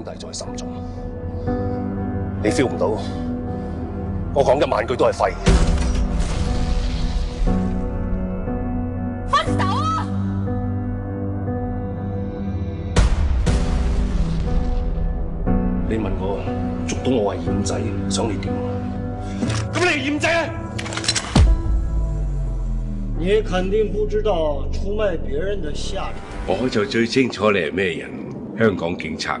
兄弟在心中，你 feel 唔到，我講一萬句都係廢。分手啊！你問我捉到我係嫌仔，想你點啊？咁你係嫌仔啊？野禽，你肯定不知道出賣別人的下場。我就最清楚你係咩人，香港警察。